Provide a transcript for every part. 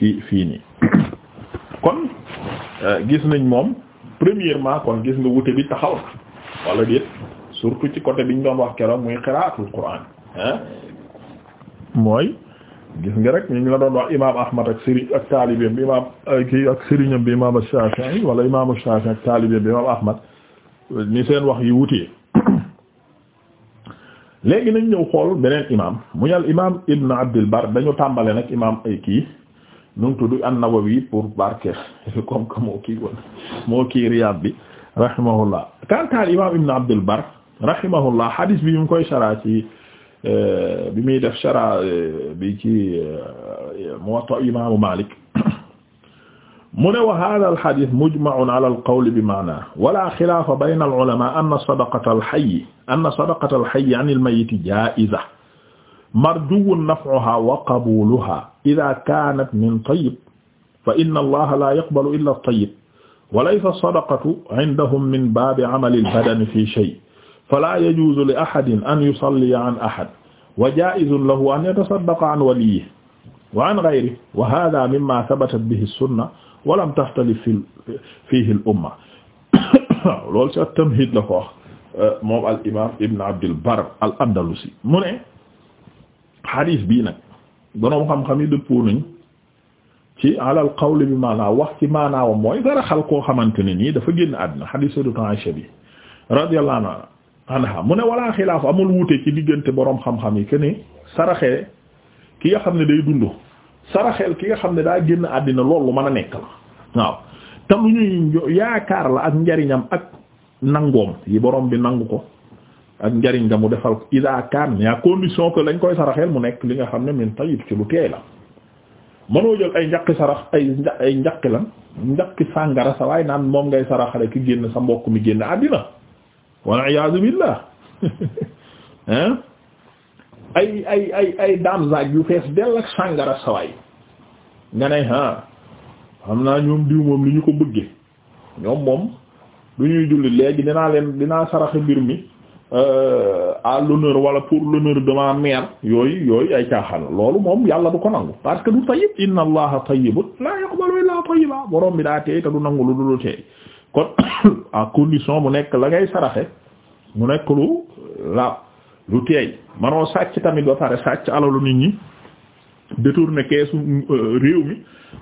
ci fii nii kon euh, gis nañ moom premièrement kon gis nga wute bi taxaw na wala déet surtout ci côté biñ doon wax keroog muy xiraatul Qur'an mooy gis nga rek ñu la doon wax imaam Ahmad ak sëriñ ak taalibeem bi imaam euh, ak sëriñam bi imaam Shafi'i wala imaam Shafi'i ak taalibeem bi imaam Ahmad ni seen wax yi wutee léegi nañ ñëw xool beneen imaam mu ñal imaam Ibn Abdul Bar dañu tàmbale nag imaam kii nu mu tudd an-Nawawi pour barke comme que moo kii woon moo kii Riyad bi rahimahullah kantaal imam Ibn Abdul Barr rahimahullah hadis bi mu koy shara ci euh, bi muy def shara euh, bi ci euh, Muwatta imaamu Malik mu ne wa hada alhadis mujma'un ala alqawli bi maana wala xilaafa bayna al-ulama anna sadaqata al-hayyi anna sadaqata al-hayyi an al-mayyit jaa'iza marjuwun naf'uha wa qabuluha ida kanat min tayyib fa inna allaha la yaqbalu illa at-tayyib wa laysa as-sadaqatu 'indahum min babi 'amali al-badani fi shay fala yajuzu li ahadin an yusalliya 'an ahad wa jaa'izun lahu an yatasaddaqa 'an waliyyihi wa 'an ghayrihi wa hadha mimma thabatat bihi as-sunna wa lam takhtalif fihi al-umma loolu ci at-tamhid la ko wax moom al-imam Ibn Abd al-Barr al-Andalusi mu ne xadiis bii nag boroom xam-xam yi dëppoo nañ ci alal qawli bi maanaa wax ci maanaawam mooy dara xal koo xamante ne nii dafa génn àddina xadiis sayyidatu Aisha bi radiyallahu anha mu ne walaa xilaaf amul wuute ci diggante boroom xam-xam yi que ni saraxee ki nga xam ne day dundo saraxeel ki nga xam ne daa génn àddina loolu mën a nekk la waaw te lu ñuy yaakaar la ak njariñam ak nangoom yi boroom bi nangu ko ak njariñ nga mu defal ida kaan mais à condition que lañ koy saraxeel mu nekk li nga xam ne min tayyib ci lu teey la mënoo jël ay njaqi sarax ay ay njaqi lan njaqi sàngara sa waaye naan moom ngay saraxale ki génn sa mbokk mi génn àddina wal ay ay ay yu fees dell ak sàngara nga ne ah xam naa ñoom diw moom li ñu ko bëggee ñoom moom du ñuy julli léegi dinaa leen dinaa saraxe mbir mi Euh, à l'honneur wala pour l'honneur de ma mère yooyu yooyu ay caaxaan loolu moom yàlla du ko nangu parce que du tayyib inna allaha tayyibun la yaqbalu illa tayyiba borom bi daa teey te du nangu lu dul teey kon à condition mu nekk la ngay saraxe mu nekk lu la lu teey manoo sàcc tamit ba pare sàcc alalu nit ñi détourner keesu euh, réew mi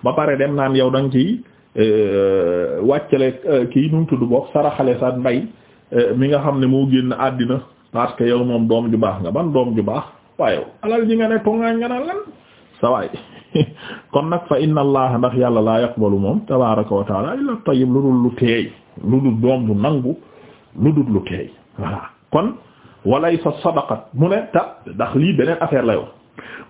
ba pare dem naan yow da nga ciy euh, wàccale kii nu tudd bokk saraxale sa mbay Eh, mi nga xam ne moo génn àddina parce que moom doom ju baax nga ban doom ju baax waaye alal ji nga ne tongaañ nga naan lan sa waay kon nag fa inna allah ndax yàlla laa yaqbalu moom tabaraka wa taala illa tayyib lu dul lu teey lu dul doom du nangu lu dul lu teey voilà kon walay sadaqat mu ne ta ndax lii beneen affaire la yoon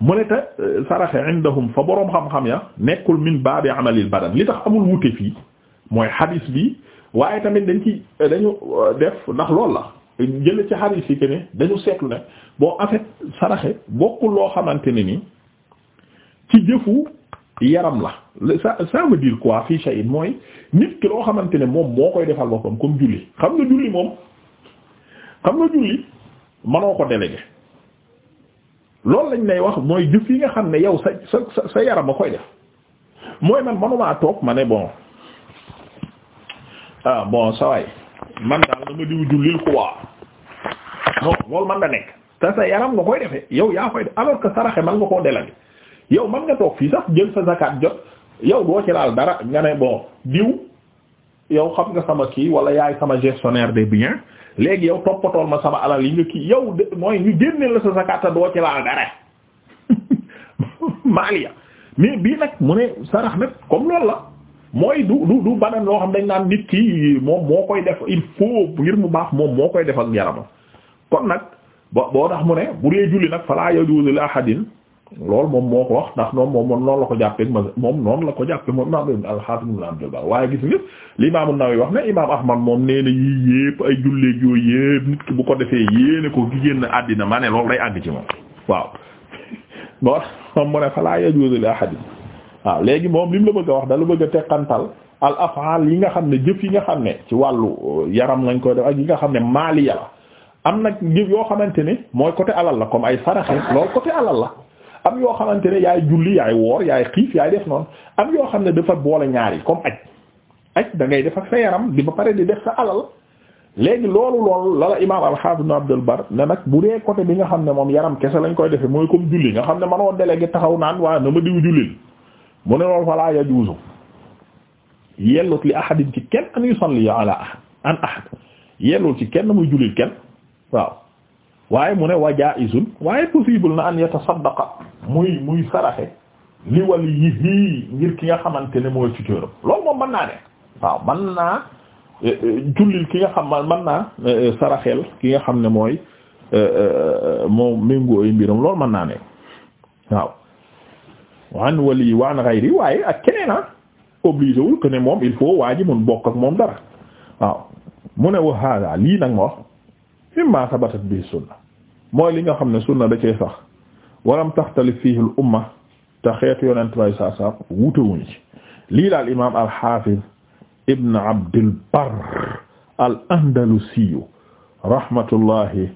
mu ne ta eh, saraxe indahum fa boroom xam-xam ya nekkul min baabi amalil badan li tax amul wute fii mooy hadis bi waaye tamit dañ ci dañu euh, def ndax loolu la jël ci xaris yi que dañu seetlu ne boo en fait saraxe bokkul loo xamante ne ni ci jëfu yaram la ça ça veut dire quoi fii shay'in mooy nit ki loo xamante ne moom moo koy defal boppam comme julli xam nga julli moom xam nga julli mënoo ko délégué loolu lañ lay wax mooy jëf yi nga xam ne yow sa sa sa yaram a koy def mooy man manumaa toog ma ne bon ah bon sa waay man daal dama diw jullil quoi non loolu man da nekk te sa yaram nga koy defee yow yaa koy def alors que saraxe man nga koo delale yow man nga toog fii sax jël sa zakat jot yow doo ci laal dara nga ne bon diw yow xam nga sama kii wala yaay sama gestionnaire des biens léegi yow toppatool ma sama alal yi nga kii yow de mooy ñu génne la sa zakat te doo ci laal dara maaliya mais bii nag mu ne sarax nag comme loolu la mooy du du du banan loo xam dañ naan nit ki moom moo koy def il faut ngir mu baax moom moo koy def ak yaramam kon nag boo boo tax mu ne bu dee julli nag fala yajuzu li ahadin loolu moom moo ko wax ndax noonu moom moom noonu la ko jàppee ma moom noonu la ko jàppee moom naa doon alxaafis ibn Abdul Barr waaye gis nga li imaam An-Nawawi wax ne imaam Ahmad moom nee na yii yépp ay julleeg yooyu yépp nit ki bu ko defee yéene ko gi génn àddina maa ne loolu day àgg ci moom waaw moo tax moom mu ne fala yajuzu li waaw léegi moom li la bëgg a wax da la bëgg a teqantal al af'al yi nga xam ne jëf yi nga xam ne ci wàllu euh, yaram lañ koy def ak yi nga xam ne maaliya la am nag jëf yoo xamante ne mooy côté alal la comme ay saraxe loolu coté alal la am yoo xamante ne yaay julli yaay woor yaay xiif yaay def noonu am yoo xam ne dafa boole ñaar yi comme aj aj da ngay def ak sa yaram di ba pare di def sa alal léegi loolu loolu lala imaam al-Hafiz Ibn Abdul ne nag bu xam ne moom yaram kese lañ koy defee mooy comme julli nga xam ne manoo délégué taxaw naan waaw na ma diw mu ne loolu falaa yajuuzu yellut li ahadin ci kenn an yusalli ala ahad an ahad yellul ci kenn muy julil kenn waaw waaye mu ne wa jaa'izun waaye possible na an yatasaddaqa muy muy saraxe li waliyihi ngir ki nga xamante ne mooy tuteeram loolu moom mën naa ne waaw mën naa eh, eh, jullil ki nga xam man naa eh, saraxel ki nga xam ne mooy moom méngoo ay mbiram loolu mën naa ne waaw waan wali ak keneen ah obligé wul moom il faut waa ji mun moom dara mu ne wa hada lii nag ma wax mimma sabatat bi sunna mooy li nga xam ne sunna da cee sax walam taxtalif fihi al umma te xeetu yonent may saa saa wutewuñu ci lii daal imaam al xaafiz ibn abdil rahmatullahi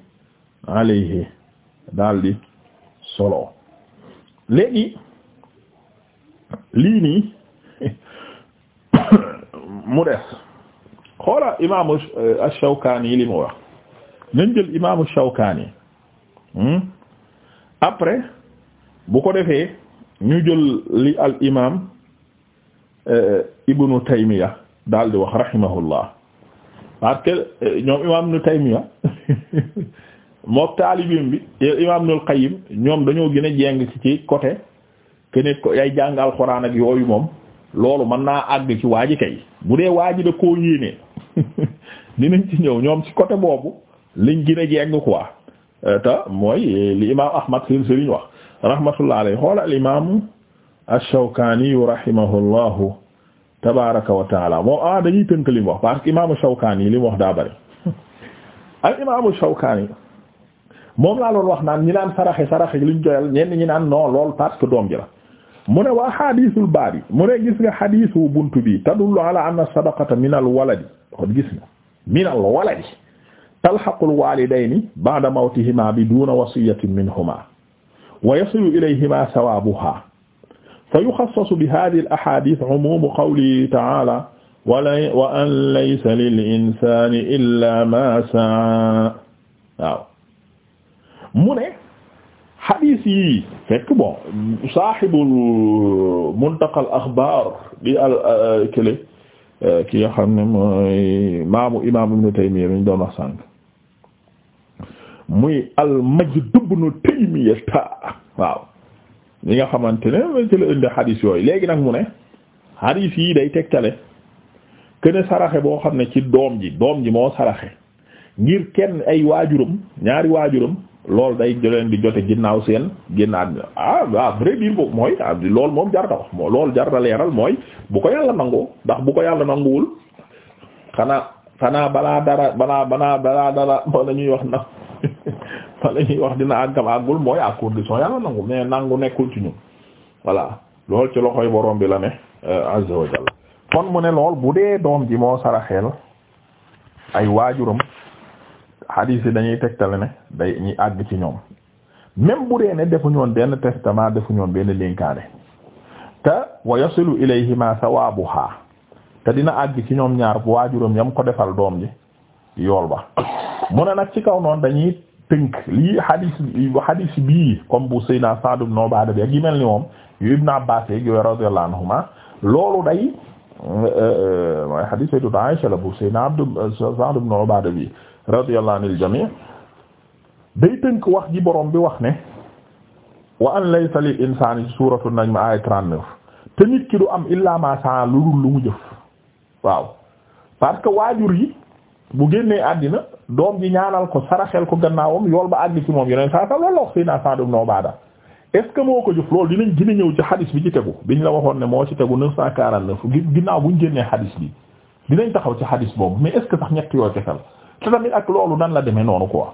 alayhi daal di solo lii nii mu des xoola imaamu euh, Shawkaani li mu wax nañ jël imaamu Shawkaani hmm? après bu ko defee ñu jël li al imaam euh, Ibnu Taymiya daal di wax rahimahullah parce que euh, ñoom imaam Ibnu Taymiya mook taalibeem bi imaam Ibnul Qayyim ñoom dañoo gën a jeng ci ci côté keneen ko ay jàng alxuraan ak yooyu moom loolu mën naa àgg ci waa kay bu dee waa ji da koo yéenee dinañ ci ñëw ñoom ci côté boobu liñ gën a ko quoi euh, te mooy euh, li imaam Ahmad seen sëriñ wax rahmatullah alayhi xoola al imaamu ash-Shawkaani rahimahullahu tabaaraka wa taala moom ah dañuy tënk li wax parce que imaamu Shawkaani li wax daa bari al imaamu Shawkaani moom laa doon wax naan ñi naan saraxe saraxe liñ joyal ñenn ñi naan non loolu doom ji mu ne waa xadiisul baab yi mu ne gis nga xadiisu buntu bi tadullu ala anna sadaqata min al waladi kon gis nga min al waladi talhaqul walidayni ba'da mawtihima bi duna wasiyatin minhuma wa yasilu ilayhima sawabuha fa yuxassasu bi haadihil ahaadiis umuumu qawlihi ta'aala wa an laysa lil insaani illaa maa sa'aa waaw mu ne xadiis yi fekk bon saaxibul muntaqal axbaar di al euh, kële euh, ki nga xam ne mooy maamu imaam ibnu Taymiyya ñu doon wax sànq muy al Majd ibnu Taymiyya waaw li nga xamante ne mooy ci la indi xadiis yooyu léegi nag mu ne xadiis yi day tegtale kene saraxe boo xam ne ci doom ji doom ji moo saraxe ngir kenn ay waajuram ñaari waajuram loolu day leen di jote ginnaaw seen génn àddina ah waaw ah, vrai dire mooy ah loolu moom jarta wax moo loolu jarta leeral mooy bu ko yàlla nangu ndax bu ko yàlla nanguwul xanaa xanaa balaa dara balaa balaa balaa dara moo la ñuy wax na moo la ñuy wax dina àggam àggul mooy à condition yàlla nangu mais nangu nekkul ci ñun voilà loolu ci loxoy boroom bi la ne euh, azza wa jalla kon mu ne lool bu dee doom ji moo saraxeel ay waajuram hadith yi dañuy tegtale ne day ñi àgg ci ñoom même bu dee ne defuñu woon benn testament defuñu woon benn linkaane te wa yasilu ilayhima sawabuha te dina àgg ci ñoom ñaar bu waajuram yam ko defal doom ji yool ba mu ne nag ci kaw noonu dañuy tënk lii hadith hadith bii comme bu Seydina Sa'd ibn bi ak yi mel ni moom yu Ibn Abbaas yeeg yooyu radiyallahu anhuma loolu day euh, euh, mooy hadith Sayyidatu Aisha la bu Seydina Abdu euh, Sa'd ibn bi radiyallahu anil jami' day tënk wax ji boroom bi wax ne wa an laysa lil insani nañ ma ay 39 te nit ki du am illa ma saa lu dul lu mu jëf waaw parce que waajur yi bu génnee àddina doom ji ñaanal ko saraxel ko gannaawam yool ba àgg ci moom yeneen saa sa loolu la wax Seydina Saadu ibn Ubaada est ce que moo ko jëf loolu dinañ gën ñëw ci xadis bi ci tegu biñ la waxoon ne moo ci tegu 949 ginnaaw buñ génnee xadis bi dinañ taxaw ci xadis boobu mais est ce yoo ci xel te tamit ak loolu nan la demee noonu quoi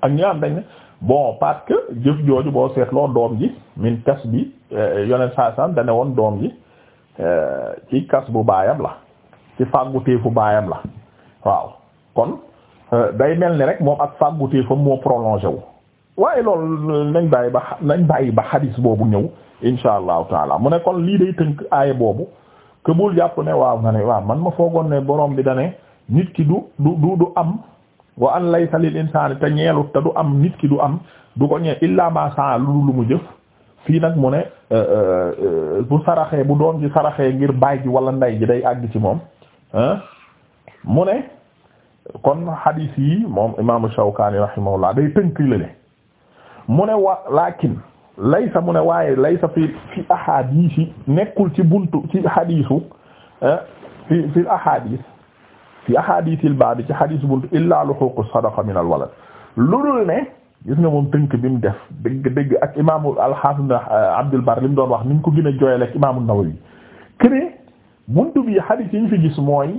ak ñu am dañ ne bon parce que jëf jooju boo seetloo doom ji min kas bi eh, yoneen saa san dane woon doom ji eh, ci kas bu baayam la ci fàggutéefu baayam la waaw kon eh, day mel ni rek moom ak fàggutéefam moo prolongé wu waaye loolu nañ bàyyi ba nañ bàyyi ba xadis boobu ñëw insha allahu taala mu ne kon lii day tënk aaya boobu que bul jàpp ne waaw nga ne waaw man ma foogoon ne borom bi dane nit ki du du du am wa an laysa lil insaani te ñeelut te du am nit ki du am du ko ñee illa ma saa lu lu mu jëf fii nag mu ne euh, euh, bu saraxee bu doom ji saraxee ngir baay ji wala ndey ji day àgg ci moom mu ne kon hadith yi moom imaamu Shawkaani rahimahullah day tënk lële mu ne wa lakin laysa mu ne waaye laysa fi fi ahadith nekkul ci buntu ci hadisu fi fi ahadith fi ahadithil baabi ci hadis buntu illaa luhuqu sadaqa min al walad loolu ne gis moom tënk bi mu def dëgg dëgg ak imaamu al-Hasan Abdul Bar li mu doon wax ni mu ko gën a jooyal ak imaamu Nawawi këne buntu bi hadis yi ñu fi gis mooy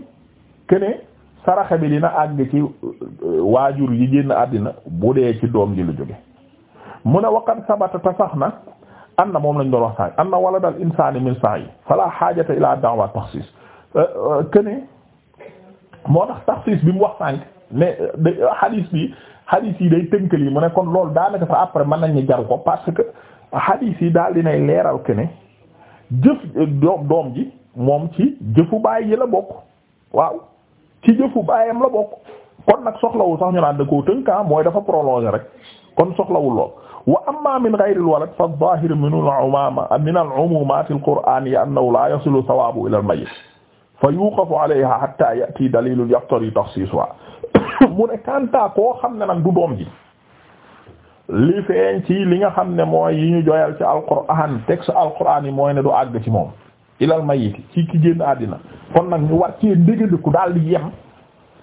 këne saraxa bi na àgg ci euh, waajur yi génn àddina bu dee ci doom ji lu jóge mu ne waqad sabata ta sax na anna moom lañ doon wax sax anna waladal insaani min sa'i fala haajata ila da'wa takhsis euh, euh, këne moo tax taxsiis bi mu wax sànq mais euh, euh, hadith bi hadith yi day tënkal yi mu ne kon loolu daanaka sax après mën nañu jaru ko parce que hadith yi daal dinay leeral ke ne jëf euh, doom ji moom ci jëfu baay yi la bokk waaw ci jëfu baayam la bokk kon nag soxlawul sax ñu naan da koo tënkaa ah, mooy dafa prolonger rek kon soxlawul lool wa amma min ghayri al-walad fa a zahir min al-umuma min al-umumat al-qur'aniyya annahu la yasilu thawabu ila al-mayyit fa yuqafu alayha hatta yati dalilun yaqtari takhsisuha mu ne kanta koo xam ne nag du doom ji li feeñ ci li nga xam ne mooy yi ñu joyal ci alquran texte alquran yi mooy ne du àgg ci moom ilal mayiti ci ki génn àddina kon nag ñu war cee ndégaliku daal di yem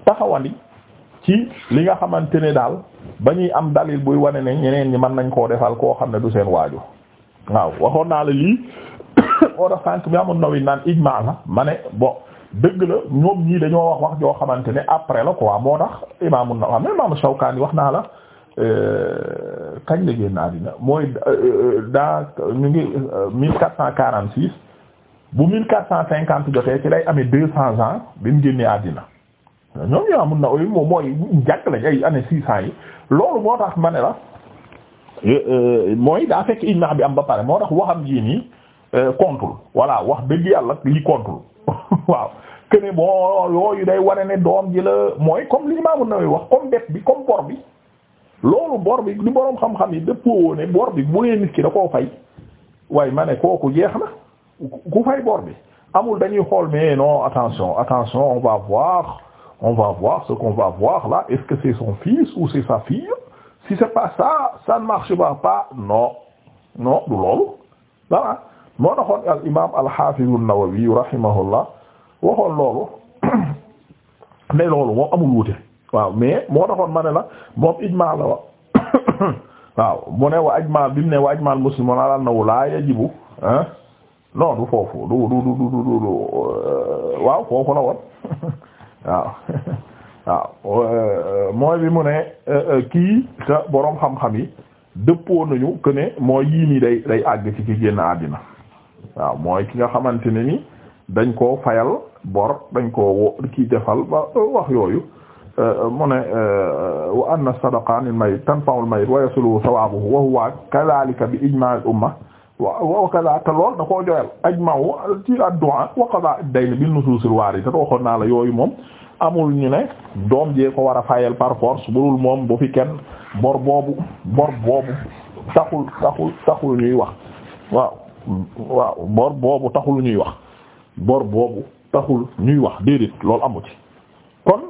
taxawandi ci li nga xamante ne daal ba ñuy am dalil buy wane ne ñeneen ñi mën nañ koo defal koo xam ne du seen waaju waaw waxoon naa la lii moo tax sànq bi amul naw naan ijmaa la ma ne bon dëgg la ñoom ñii dañoo wax wax joo xamante ne après la quoi moo tax imaamu na mais imaamu wax naa la euh, kañ mooy euh, euh, daa ñu ngi mille quatre quarante six cinquante jotee ci lay amee mu génnee àddina ñoom imaamu na yi moom mooy njàkk lañ ay année six cents yi loolu moo tax ma ne la mooy daa fekk ijmaa bi am ba pare moo tax waxam jii nii kontul euh, voilà wax dëgg yàlla li kontul waaw que bon yooyu day wane ne doom ji la mooy comme li Imaamu Nawawi wax comme det bi comme bor bi loolu bor bi di boroom xam-xam yi dëppoo ne bor bi bu nee nit ki da koo fay waaye ma ne kooku jeex na ku fay bor bi amul dañuy xool mais non attention attention on va voir on va voir ce qu'on va voir là est-ce son fils ou c'est sa fille si c'est pas ça ça ne marchera pas non non du loolu moo taxoon al imaam al xaafiz an-Nawawi rahimahullah waxoon loolu mais loolu moom amul wuute waaw mais moo taxoon ma ne la moom ijmaa la wa waaw mu ne wa ajmaa bi mu ne wa ajmaa al muslimuuna alaa annahu laa yajibu ah foofu du du du du du euh, waaw foofu la woon waaw euh, mooy bi mu ne euh, kii te boroom xam-xam yi dëppoo nañu que ne mooy yii nii day day àgg ci ki génn àddina. waaw mooy ki nga xamante ni dañ koo fayal bor dañ koo wo kii defal ba wax yooyu euh, mu ne euh, wa anna sadaqaani al-mayyit tanfa'u al-mayyit wa yasulu thawaabuhu wa huwa kadhalika bi ijma' al wa kaza te lool da koo joyal ajma'u ci wa qada ad te waxoon naa la yooyu moom amul ñu ne doom jee ko war a fayal par force burul moom bu fi kenn bor boobu bor boobu taxul taxul taxul ñuy wax waaw waaw bor boobu taxul ñuy wax bor boobu taxul ñuy wax déedéet loolu amu ci kon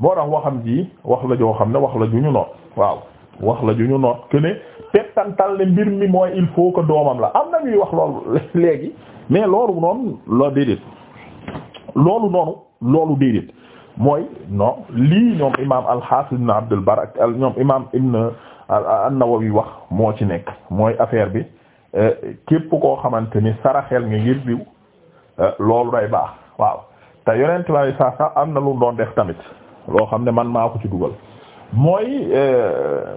moo tax waxam ji wax la joo xam ne wax la ju ñu noot waaw wax la ju ñu noot que ne tettantal ne mbir mi mooy il faut que doomam la am na ñuy wax loolu léegi mais loolu noonu la déedéet loolu noonu loolu déedéet mooy non lii ñoom imaam al-Hafiz ibn Abdul Bar ak ñoom imaam ibn an-Nawawi wax moo ci nekk mooy affaire bi. Euh, képp koo xamante ni saraxel nga ngir diw euh, loolu day baax waaw te yonent ma saa saa am na lu doon def tamit loo xam ne man maa ko ci dugal mooy euh,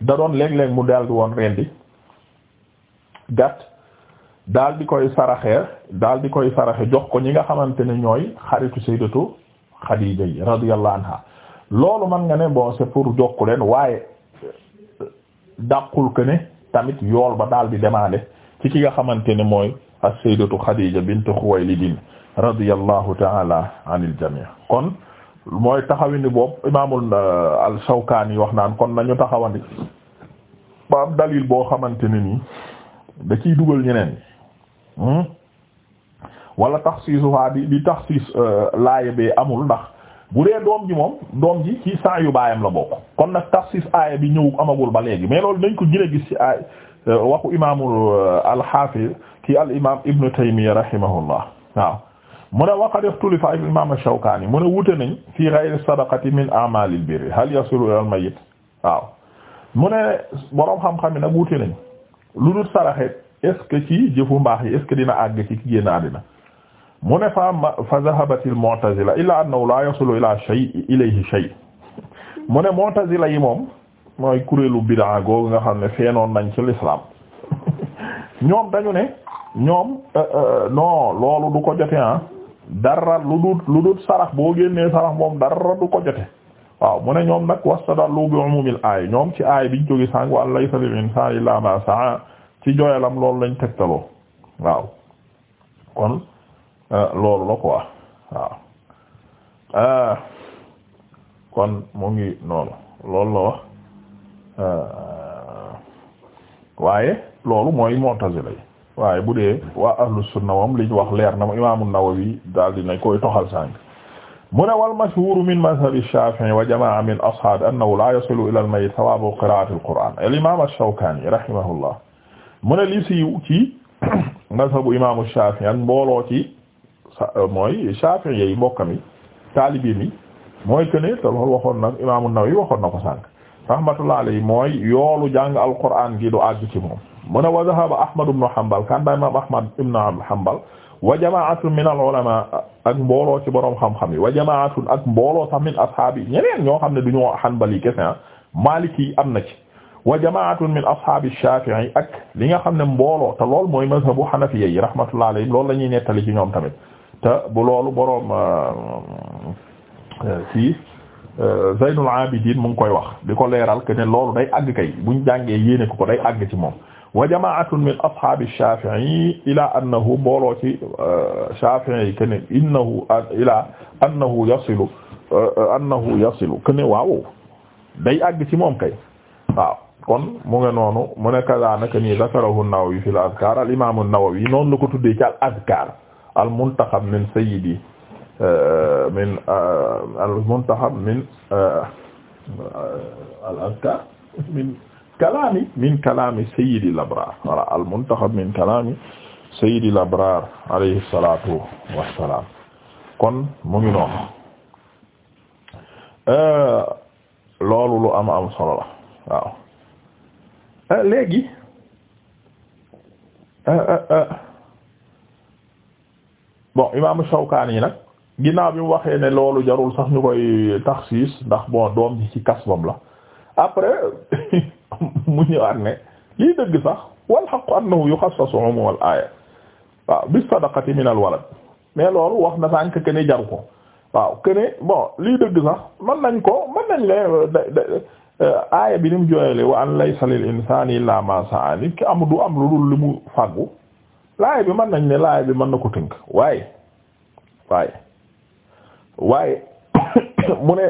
da doon léeg-léeg mu daal di woon rendi gàtt daal di koy saraxee daal di koy saraxe jox ko ñi nga xamante ne ñooy xaritu sayyidatu Xadiija yi radiyallahu anha loolu man nga ne bon c'est pour jokku leen waaye dàqul ko ne tamit yool ba daal di demandé ci ki nga xamante ne mooy as-sayyidatu Khadija bint Khuwaylid radiyallahu ta'ala anil jami' kon mooy taxawandi boobu imaamul euh, al-Shawkaani wax naan kon nañu taxawandi ba am boo xamante ne nii da ciy dugal ñeneen hmm? wala taxsiisuha di di taxsiis euh, laaye bee amul ndax bu dee doom ji moom doom ji ci saa yu baayam la bokk kon nag taxsis aaya bi ñëw amagul ba léegi mais loolu dañ ko gën a gis ci aay euh, waxu imaamul euh, alxaafiz ki al imaam ibnu Taymiyya rahimahullah waaw mu ne waqad ixtulifa al imaam Shawkaani mu ne wute nañ fii ghayri sadaqati min a'maalil birri hal yasilu ilal mayyit waaw mu ne boroom xam-xam yi nag wute nañ lu dul saraxe est ci jëfu mbaax yi est dina àgg ci ki génn àddina mu ne fa fa dhahabat al mu'tazila illa annahu la yasulu ila shay ilayhi shay mu ne mu'tazila yi moom mooy kuréelu bid'a googu nga xam ne feenoon nañ ci l'islam ñoom dañu ne ñoom euh, euh, non loolu du ko jote ah dara lu dut sarax boo génnee sarax moom dara du ko jote waaw mu ne ñoom nag wastadallu bi umumil aay ñoom ci ay biñ jógi sàng wa an laysa lil insaani illaa ma saa ci jooyalam loolu lañ tegtaloo waaw kon Eh, loolu la quoi eh, kon mu ngi noonu loolu la wax eh, waaye loolu mooy mu'tazila yi waaye bu dee waa ahlu sunna moom liñ wax leer na imaamu Nawawi daal dina koy toxal sànq mu ne wal mashhuuru min mazhabi Shaafi'i wa jamaa'a min ashaabihi annahu laa yasilu ilal mayyit sawaabu qiraa'atil Qur'aan al imaam ash-Shawkaani rahimahullah mu ne li siiw ci mazhabu imaamu Shaafi'i ak mbooloo ci Euh, mooy Shafi'i yi mbokkam yi mooy que ne waxoon na Imaamu Nawawi waxoon na ko sànq rahmatullahi alayhi mooy yoolu jàng alquran gi du àgg ci moom mu ne wa dhahaba Ahmad ibn Hanbal kanda wa jamaatun min al ak mbolo ci borom xam-xam yi wa jamaatun ak mbooloo sax min ashaabi ñoo xam ne du ñu Hanbali ah, Maliki am na ci wa jamaatun min ashaabi Shafi'i ak li nga xam ne mbooloo te lool mooy mazhabu Hanafiyyi rahmatullahi alayhim loolu la ñuy nettali ci ñoom tamit te bu loolu boroom euh, si euh, Zaynul Abidin mu ngi koy wax di ko leeral que ne loolu day àgg kay buñ jàngee yéene ko ko day àgg ci moom wa jamaatun min ashaabi Shafi'i ila annahu mbooloo ci euh, Shafi'i yi que ne innahu ila annahu yasilu annahu yasilu que ne day àgg ci moom kay waaw kon mu nge noonu mu ne kaza naka nii zakarahu Nawawi fil azkar al imam an-Nawawi noonu la ko tuddee ci al azkar al muntaxab min sayyidi euh, min euh, al muntaxab min euh, al azkaar min kalaami min kalaami sayyidi al abraar voilà al muntaxab min kalaami sayyidi al abraar alayhi salaatu wa salaam kon mu ngi noonu loolu lu am am solo la waaw léegi. bon imaamu Shawkaani yi nag ginnaaw bi mu waxee ne loolu jarul sax ñu koy taxsiis ndax bon doom ji ci kasbam la après mu ñëwaat ne lii dëgg sax wal haqqu annahu yukhassasu umumul aaya waaw bis sadaqati minal walad mais loolu wax na sànq que ne jaru ko waaw que ne bon lii dëgg sax mën nañ ko mën nañ ne aaya bi ni mu jooyale wa an laysa lil insaani illaa maa sa'aa nit ki am du am lu dul li mu fàggu laay bi man nañ ne laay bi mën na ko tënk waaye waaye waaye mu ne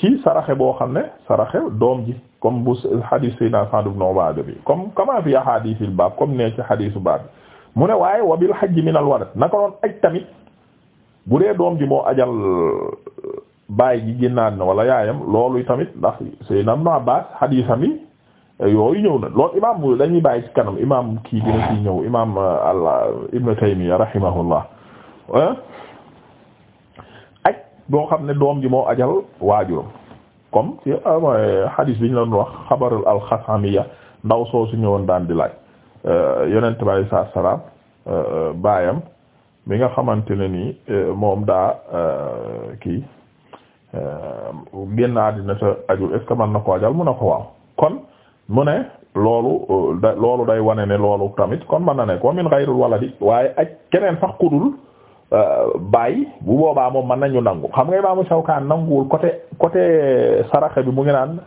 ci saraxe boo xam ne saraxe doom ji comme bu hadis sayna Sa'd ibn Ubaada bi comme kama fi ahadiisil baab comme ne ci hadisu baab mu ne waaye wabil hajji min al walad naka noon aj tamit bu dee doom ji moo ajal baay ji génnaat na wala yaayam loolu tamit ndax sayna Ibn Abbaas hadisam yi yooyu ñëw na loolu imaam dañuy bàyyi ci kanam imaam kii dina ci ñëw imaam euh, allah euh, ibnu taymiya rahimahullah aj boo xam ne doom ji moo ajal waajuram comme ci euh, hadis bi ñu doon wax xabarul alxasamiya ndaw soo su ñëwoon daan di laaj yonent bi alayhi salaatu salaam baayam mi nga xamante ne ni moom daa kii génn àddina sa ajul est ce que mën na ko ajal mun na ko waaw kon mu ne loolu euh, loolu day wane ne loolu tamit kon mën na ne ko min ghayrul waladi waaye ak keneen sax kudul euh, baay bu boobaa moom mën nañu nangu xam nga imaamu Shawkaan nanguwul côté côté saraxe bi mu ngi naan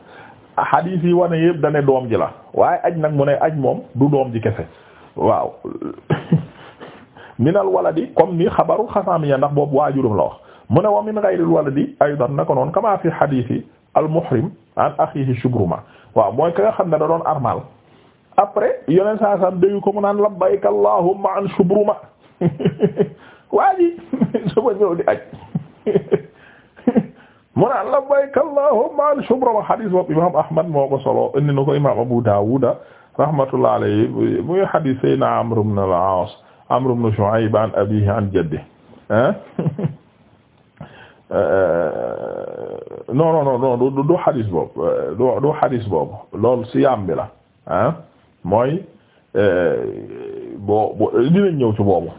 hadith yi wane yëpp dane doom ji la waaye aj nag mu ne aj moom du doom ji kese waaw minal waladi comme ni xabaru xasaamiya ndax boobu waajurum la wax mu ne wa min ghayril waladi aydan naka noonu kama fi hadithi al muhrim an shubruma waaw mooy ka nga xam ne da doon armal après yoneen saa saam ko mu naan labbayka an shubruma waa suba ñëw di aj mu naan an shubruma xadiis boobu ahmad moo solo indi na ko imam abu daawuda rahmatullah alayhi muy xadiis sayna amr ibn al-aas amr an abihi an jaddihi eh? Eh, eh, no non non du du xadis boobu euh, du du boobu loolu siyaam bi la mooy euh, boo boo ñëw ci boobu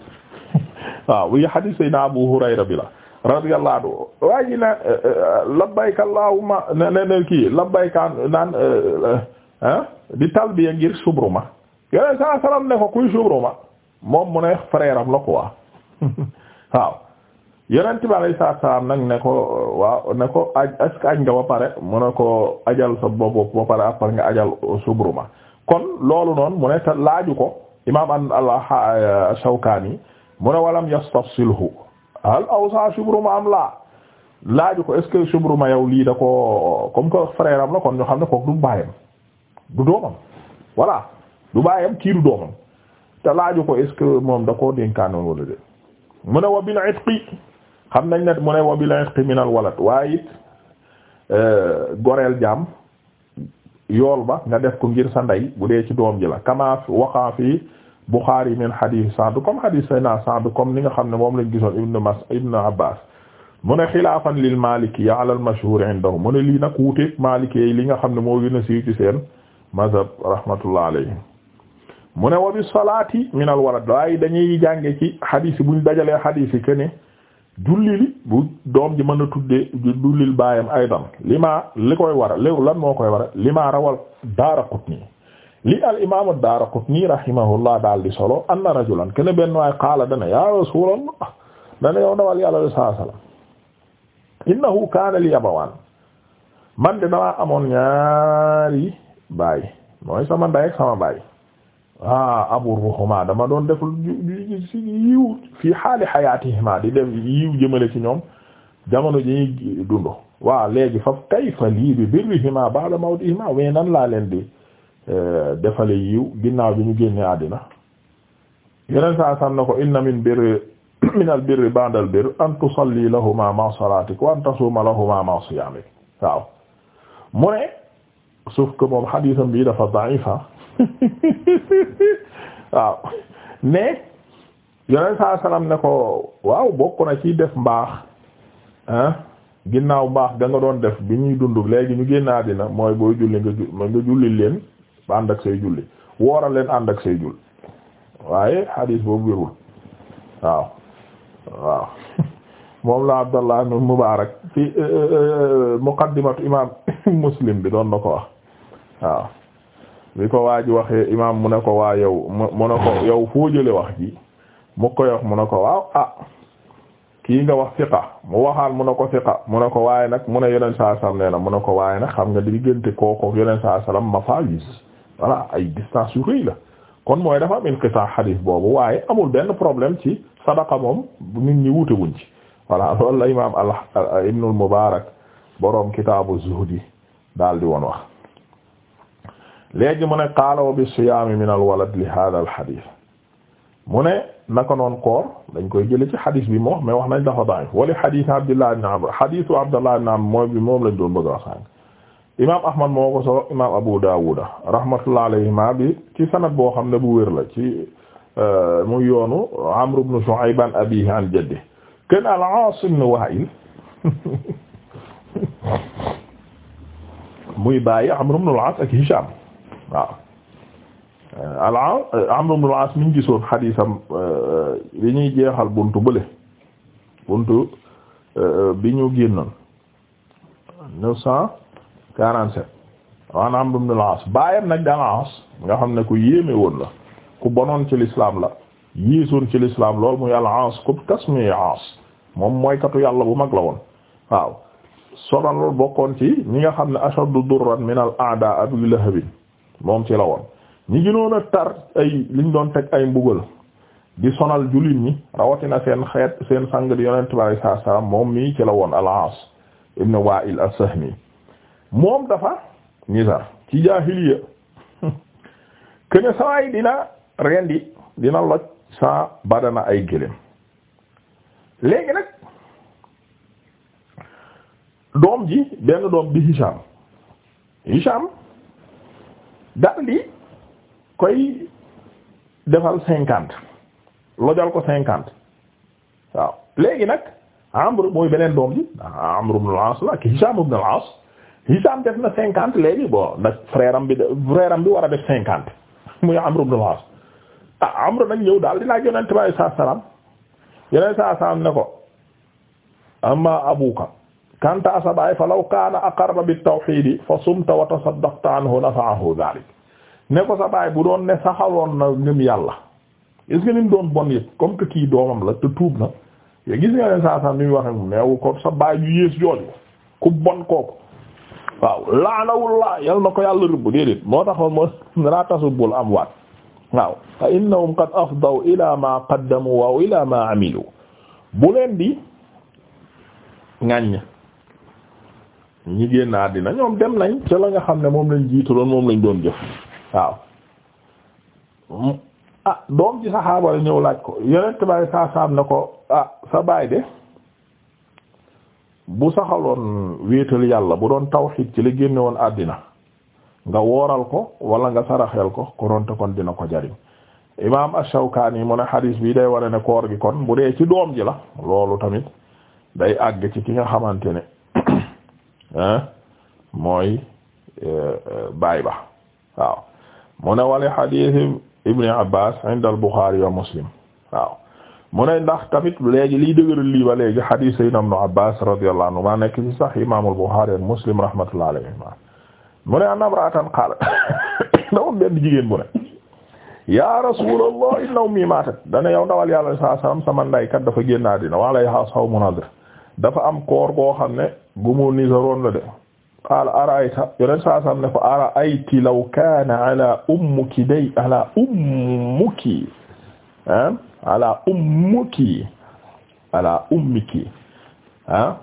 waaw bu xadis sayna Abu Hurayra bi la radiyallahu anhu waa ji ne euh, ne ne ne kii labbayka naan di talbiya ngir subruma yeneen saa salaam ne ko kuy subruma moom mu ne frère am la yeneen bi alayhi salaatu salaam nag ne ko waaw ne ko aj est-ce que aj nga ba pare mu ne ko ajal sa bopp ba pare après nga ajal ma kon loolu noon mu ne laaju ko imaam an al ah, ah, Shawkaani mu ne walam yastafsilhu hal awsa subruma am la laaju ko est-ce que subruma yow lii da ko comme que frère am la kon ñu xam ne kook du baayam du doomam voilà du baayam kii du doomam te laaju ko est-ce moom da koo dénkaanoon wala de mu ne wa bil xam nañ ne mu ne wabil inqi min al walad waaye euh, goreel jaam yool ba nga def ko ngir sa ndey bu dee ci doom ji la kama waqa fi Bukhari min hadith Sa'd comme hadith sayna Sa'd comme li nga xam ne moom lañ gisoon ibn Mas ibn Abbas mu ne xilaafan lil malikiyya ala al mashhur indahum lii nag wuuteeg maliki yi li nga xam ne moo gën a siiw ci seen mazhab rahmatullah alayhi mu ne wabi salaati min al walad waaye dañuy jànge ci hadith buñ dajalee hadith yi que jullili bu doom ji mën a tuddee jullil baayam aydan lima li koy wara léew lan moo koy wara lima rawal Daaraqutni li al imaamu Daaraqutni rahimahullah daal di solo anna rajulan kenn benn waay qaala dana ya rasuulallah dana yow ndawal yàlla sallallahu alayhi wasallam innahu kaana li abawaan man de damaa amoon ñaari baay mooy sama ndey sama baay ah abu ruhuma dama doon def si yiw fii xaali xayaatihima di def yiw jëmale ci ñoom jamono ji ñuy dund waaw léegi faf kayfa lii bi birrihima ba'da mawtihima wa nan laa leen di e, defale yiw ginnaaw bi ñu génne àddina yeneen saa na ko inna min birri min al birri ba'da al birri an tusalli lahuma ma salatik wa an tasuma lahuma ma siyamik waaw mu ne sauf que moom xadiisam bi dafa da'ifa waaw mais yoneen saa salaam ne ko waaw bokk na ci def mbaax ah ginnaaw mbaax ga doon def bi ñuy dund léegi ñu génn àddina mooy booy julli nga nga julli leen ba ànd ak say julli wooral leen ànd ak say julli waaye hadis boobu wérul waaw waaw moom la Abdallah ibn Mubarak ci euh, euh, euh, muqaddimatu imam Muslim bi doon na ko wax waaw bi ko waa ji waxee imaam mu ne ko waa yow mu ne ko yow foo jële wax ji mu koy wax mu ne ko waaw ah kii nga wax fiqa mu waxaal mu ne ko fiqa mu ne ko waaye nag mu ne yeneen saa salaam nee na mu ne ko waaye nag xam nga diggante kooku yeneen saa salaam mafawis voilà ay distance yu rëy la kon mooy dafa am inqitaa xadiis boobu waaye amul benn problème ci sadaqa moom nit ñi wuute wuñ ci voilà loolu la imaam al ibnul Mubaarak boroom kitaabu zuhdi daal di woon wax. léegi mu ne qaala wa bi siyaami min al walad li hada al hadith mu ne naka noon koor dañ koy jële ci hadith bi moo mais wax nañ dafa daif wali hadith Abdullah ibn Amr hadithu Abdullah ibn Amr mooy bi moom lañ doon bëgg a sànq imam Ahmad moo ko solo imam Abu Dawud rahmatullah alayhima bi ci sanad boo xam ne bu wér la ci euh, muy yoonu Amr ibn Shu'ayb an abihi an jaddi ken al-Aas ibn Wa'il muy bàyyi Amr ibn al-As ak Hisham waaw euh, ala euh, Amr ibn al-As mi gisoon xadiisam euh, bi ñuy jeexal buntu bële bunt bi ñu génnoon neuf cent quarante-sept waan Amr ibn al-As baayam nag dal As nga xam ne ku yéeme woon la ku bonoon ci l'islam la yiisoon ci l'islam lool muy al-As ku kasmi As moom mooy katu yàlla bu mag la woon waaw sonal bokkoon ci ñi nga xam ne ashaddu durran min al-a'da Abu Lahab moom ci la woon ñi gënoon a tar ay liñ doon teg ay mbugal di sonal jullit ñi rawatina seen xeet seen sang di yonent bi alayhi salaatu moom mii ci la woon al-Aas ibn Wa'il as-Sahmi moom dafa nisar ci jaahiliya kene sawaay dina rendi dina loj saa badana ay gëléem léegi nag doom ji benn doom di Hisham Hisham daal di koy defal cinquante lojal ko cinquante waaw léegi nag Amr mooy beneen doom ji Amr ibn al-As la ki Hisham ibn al def na cinquante léegi bon nag frère bi frère am bi war a def cinquante muy Amr ibn al-As ah nag ñëw daal di laa Yonent bi sallallahu alayhi wasallam Yonent sallallahu alayhi wasallam ne ko amma abuka kanta asabaay fa law kaana aqarra bit tawxiidi fa sumta wa tasaddaqta anhu nafa'ahu dhalik ne ko sa baay bu doon ne saxaloon na ngëm yàlla gis nga ni doon bon yëpp comme que kii doomam la te tuub na ya gis nga leen saa saa ni mu waxe ko sa baay yu yées jooju ku bon kooku waaw laanawullah yal na ko yàlla rëbb déedéet moo taxoon moo laa tasubbul amwaat waaw fa innahum qad afdaw ila ma qaddamu wa ila ma amilu bu leen di ŋàññ ñi génn àddina ñoom dem nañ ca la nga xam ne moom lañ jiitaloon moom lañ doon jëf waaw ah doom ci saxaaba la ñëw laaj ko yonent baay saa saam ne ko ah sa baay de bu saxaloon wéetal yàlla bu doon tawxiid ci la génne woon àddina nga wooral ko wala nga saraxel ko konoonte kon dina ko jariñ imaam Ash-Shawkaani mu ne xadiis bi day wara ne koor gi kon bu dee ci doom ji la loolu tamit day àgg ci ki nga xamante ne mooy euh, baay ba waaw mu ne wali hadith ibni abbas inda al bukhari wa muslim waaw mu ne ndax tamit léegi liy dëgëral lii ba léegi hadith sayyidina ibn abbas radiyallahu anhu maa nekk ci sahih imam al bukhari muslim rahmatullahi alayhima mu ne anna imra'atan qaala dama benn jigéen bu ne ya rasulullah inna ummi maatat dana yow ndawal yàlla sallallahu alayhi wasallam sama ndey kat dafa génn dafa am koor goo xam ne gumu nisaroon la de qaal araayta yonent saa saam ne ko araayti law kaana ala ummuki day ala ummuki ah ala ummuki ala ummiki ah,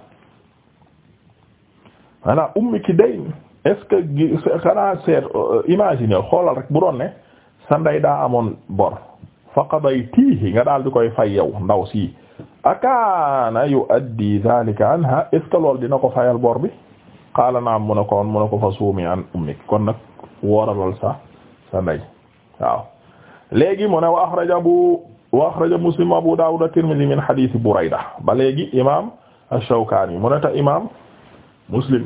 ala ummiki day euh, imagine xoolal rek bu doon ne sa ndey daa amoon bor fa qadaytihi nga daal di koy fay yow ndaw si akaana yu'addi dhalika dina ko fayal bor bi qaala naam mu ne ko woon ko fa an ummik kon nag wooralal sa sa ndey waaw léegi mu ne wa axraja abu wa axraja muslim abu daawud at-tirmidhi min hadith burayda ba léegi imaam ash-shawkaani mu ta imaam muslim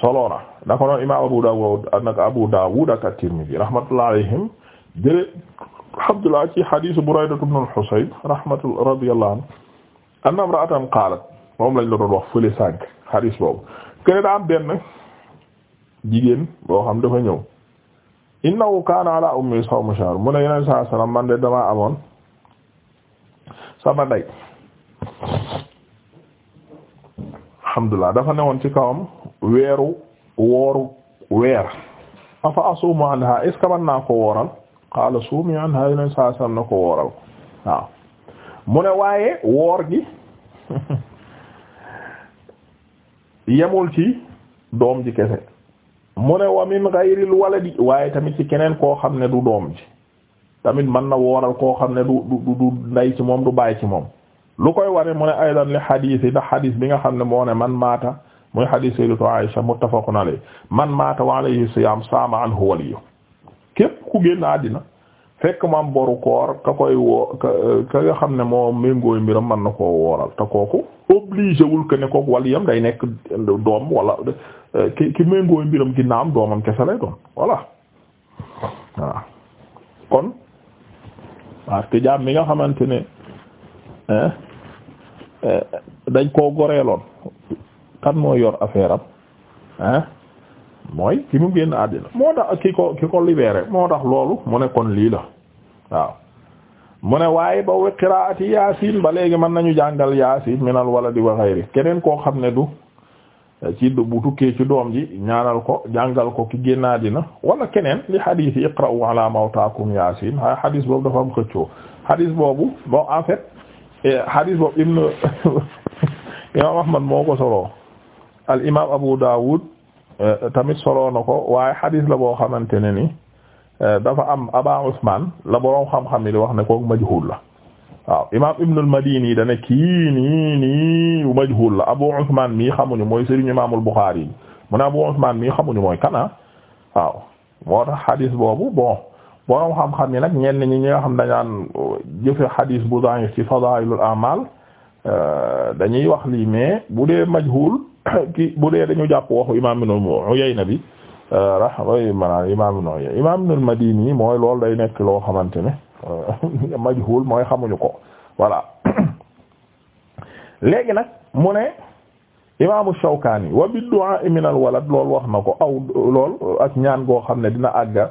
solo na da ko abu daawud ak abu daawud ak alhamdulillah ci hadiisu Buraydatu ibnul Husayb rahmatu radiyallahu anhu anna imra'atan qaalat moom lañ la doon wax fële sànq hadiis boobu kene daa am benn jigéen boo xam dafa ñëw ne yeneen saa salaam man de damaa amoon sama ndey alhamdulillah dafa newoon ci kawam weeru wooru weer afa asumu anha est naa ko wooral qaala suumi anha yeneen saa saam na ko wooral mu ne waaye woor gi yemul ci doom ji kese mu ne wa min ghayril waladi waaye tamit ci keneen koo xam ne du doom ji tamit mën na wooral koo xam ne du du du ci moom du baay ci moom lu koy wane mu ne aydan li xadiis yi ndax xadiis bi nga xam ne moo man maata muy xadiis sayyidatu Aisha muttafaqun alayhi man maata wa alayhi siyaam saama anhu waliyyu képp ku génn àddina fekk mu boru koor ka koy woo ka nga xam ne moo méngooy mbiram mën na koo wooral te kooku obligé wul ne kooku wàllu yam day nekk doom wala euh, ki méngooy mbiram ginnaam doomam kese lay doon voilà waaw kon parce que mi nga xamante ne euh, dañ koo goreeloon kan moo yor affaire am mooy ki mu génn àddina moo tax ki ko ki moo tax loolu mu ne kon lii la waaw mu ne waaye ba qiraati yaasin ba léegi mën nañu jàngal yaasin minal waladi wa ghayri keneen koo xam ne du ci bu tukkee ci doom ji ñaanal ko jàngal ko ki génn àddina wala keneen li hadith yi iqra'u ala mawtaakum yaasin waaye hadith boobu dafa am xëccoo hadith boobu bon en fait hadith eh, boobu ibn imam ahmad moo ko solo al imam abu dawud Eh, tamit soloo na ko waaye xadis la boo xamante ne ni eh, dafa am aba usman la boroom xam-xam ni di wax ne kooku majhul la waaw imam ibnul madini dane kii nii nii majhul la abu usman mii xamuñu mooy sëriñ imaamul buxaari yi mu ne abu usman mii xamuñu mooy kana ah? waaw moo tax xadis boobu bo boroom xam-xam ni nag ñenn ñi ñi xam dañaan jëfe xadis bu da'if ci fadailul amal eh, dañuy wax lii mais bu dee majhul ki bu dee dañu jàpp waxu imaam Ibn Uyayna bi euh, rahma imaam Ibn Uyayna imaam Ibn al-Madini mooy lool day nekk loo xamante ne euh, majhul mooy xamuñu ko voilà léegi nag mu ne imaamu Shawkaani wa bi du'a min walad lool wax na ko aw lool ak ñaan goo xam ne dina àgga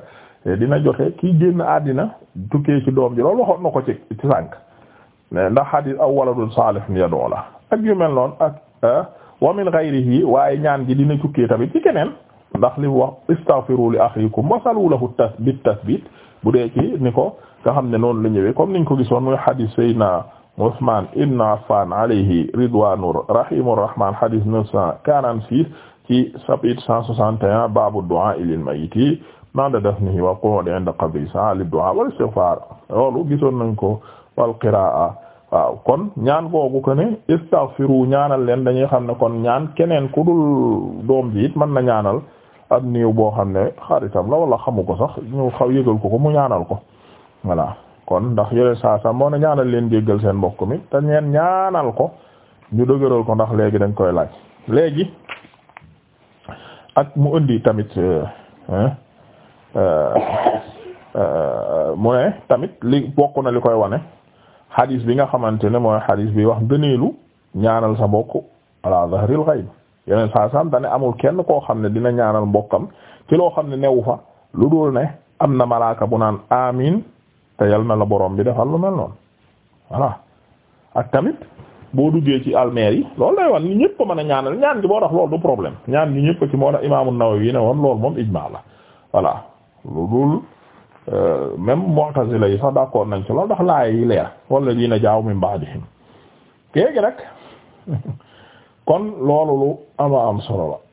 dina joxe kii génn àddina tukkee ci doom ji loolu waxoon na ko ci ci sànq ndax hadith aw waladun salihun yad'u la ak yu mel noonu ak. Ah, wa min ghayrihi waaye ñaan gi dina tukkee tamit ci keneen ndax li wax istaghfiru li akhikum wasalu lahu tas bit tasbit bu dee ci ni ko nga xam ne noonu la ñëwee comme niñ ko gisoon muy hadith sayna Usman ibn Affan alayhi ridwanu rahimur rahman hadith 946 ci chapitre 161 babu du'a lil mayyiti ba'da dafnihi wa qu'udi 'inda qabri sa'a lid du'a wal istighfar loolu gisoon nañ ko wal qira'a waaw kon ñaan googu ko ne istaghfiru ñaanal leen dañuy xam ne kon ñaan keneen ku dul doom ji it mën na ñaanal ab néew boo xam ne xaritam la wala xamu ko sax ñu xaw yëgal ko ko mu ñaanal ko voilà kon ndax yeneen saa saa moo ne ñaanal leen jéggal seen mbokk mi te ñeen ñaanal ko ñu dëgëral ko ndax léegi dañ koy laaj léegi ak mu indi tamit euh, euh, euh, mu ne tamit li bokk na li koy wane xadis bi nga xamante ne mooy xadis bi wax gëneelu ñaanal sa mbokk ala zahril ghaib yeneen saa sam dane amul kenn koo xam ne dina ñaanal mbokkam ci loo xam ne newu fa lu dul ne am na malaaka bu naan amin te yal na la borom bi defal lu mel noonu voilà ak tamit boo duggee ci almeer yi lool lay wan ni ñëpp a a ñaanal ñaan gi boo tax loolu du problème ñaan gi ñëpp ci a tax imaamu Nawawi ne woon loolu moom ijmaa la voilà lu dul Euh, même mu'tazila yi sax d'accord nañ ci loolu ndax laay yi leer wala lii na jaaw min ba'dihim kéegi rek kon loolu lu ama am solo la